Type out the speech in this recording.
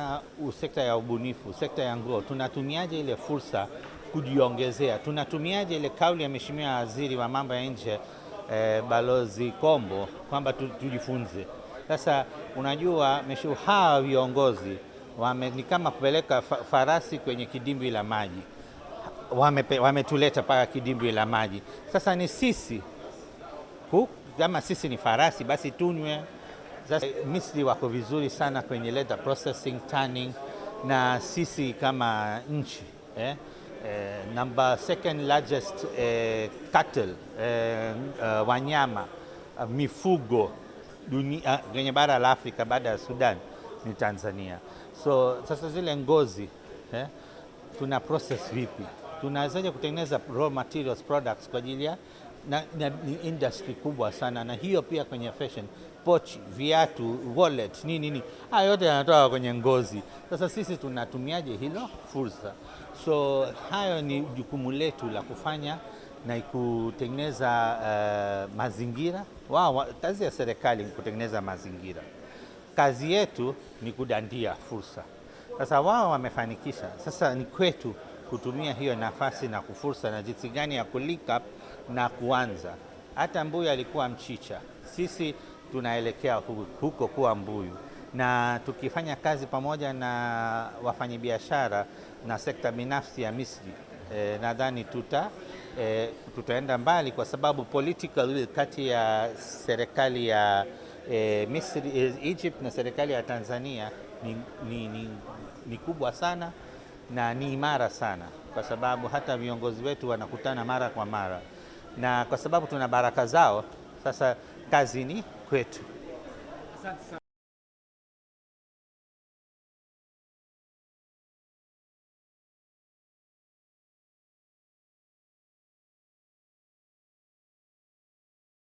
Uh, sekta ya ubunifu, sekta ya nguo, tunatumiaje ile fursa kujiongezea? Tunatumiaje ile kauli ya Mheshimiwa Waziri wa Mambo ya Nje eh, Balozi Kombo kwamba tujifunze. Sasa unajua meshu, hawa viongozi wame, ni kama kupeleka farasi kwenye kidimbwi la maji, wametuleta wame mpaka kidimbwi la maji. Sasa ni sisi kama sisi ni farasi, basi tunywe sasa eh, Misri wako vizuri sana kwenye leather processing, tanning na sisi kama nchi eh, eh, number second largest eh, cattle eh, uh, wanyama eh, mifugo dunia kwenye bara la Afrika baada ya Sudan ni Tanzania. So sasa zile ngozi eh, tuna process vipi? Tunawezaje kutengeneza raw materials products kwa ajili ya na, na, ni industry kubwa sana, na hiyo pia kwenye fashion, pochi, viatu, wallet, nini nini, haya yote yanatoka kwenye ngozi. Sasa sisi tunatumiaje hilo fursa? So hayo ni jukumu letu la kufanya na kutengeneza uh, mazingira wao. Kazi ya serikali ni kutengeneza mazingira, kazi yetu ni kudandia fursa. Sasa wao wamefanikisha, sasa ni kwetu kutumia hiyo nafasi na kufursa na jinsi gani ya kulika na kuanza. Hata mbuyu alikuwa mchicha, sisi tunaelekea huko kuwa mbuyu, na tukifanya kazi pamoja na wafanyabiashara na sekta binafsi ya Misri e, nadhani tuta e, tutaenda mbali kwa sababu political will kati ya serikali ya e, Misri, Egypt na serikali ya Tanzania ni, ni, ni, ni kubwa sana na ni imara sana, kwa sababu hata viongozi wetu wanakutana mara kwa mara, na kwa sababu tuna baraka zao, sasa kazi ni kwetu.